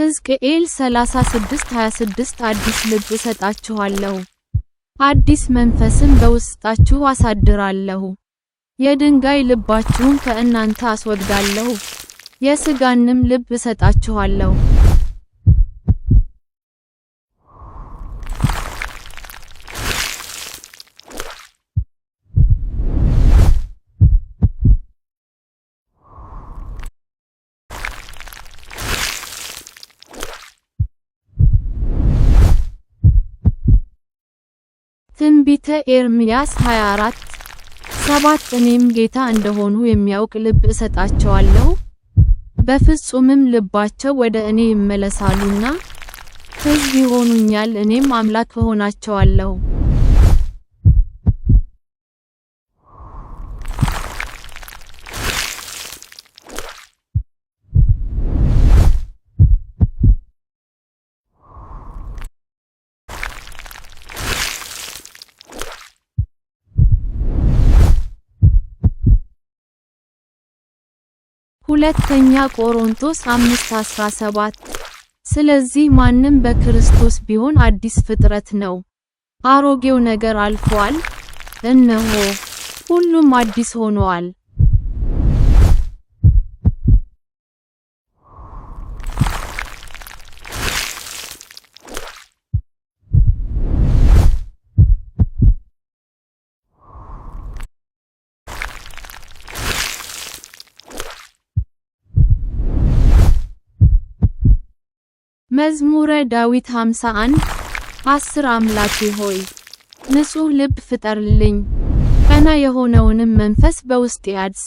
ሕዝቅኤል 36:26 አዲስ ልብ እሰጣችኋለሁ፣ አዲስ መንፈስም በውስጣችሁ አሳድራለሁ፣ የድንጋይ ልባችሁን ከእናንተ አስወግዳለሁ፣ የሥጋንም ልብ እሰጣችኋለሁ። ትንቢተ ኤርምያስ 24 ሰባት እኔም ጌታ እንደሆኑ የሚያውቅ ልብ እሰጣቸዋለሁ፣ በፍጹምም ልባቸው ወደ እኔ ይመለሳሉና ሕዝብ ይሆኑኛል፣ እኔም አምላክ እሆናቸዋለሁ። ሁለተኛ ቆሮንቶስ 5:17 ስለዚህ ማንም በክርስቶስ ቢሆን አዲስ ፍጥረት ነው፣ አሮጌው ነገር አልፏል፣ እነሆ ሁሉም አዲስ ሆኗል። መዝሙረ ዳዊት 51 10 አምላኬ ሆይ ንጹሕ ልብ ፍጠርልኝ፣ ቀና የሆነውንም መንፈስ በውስጤ አድስ።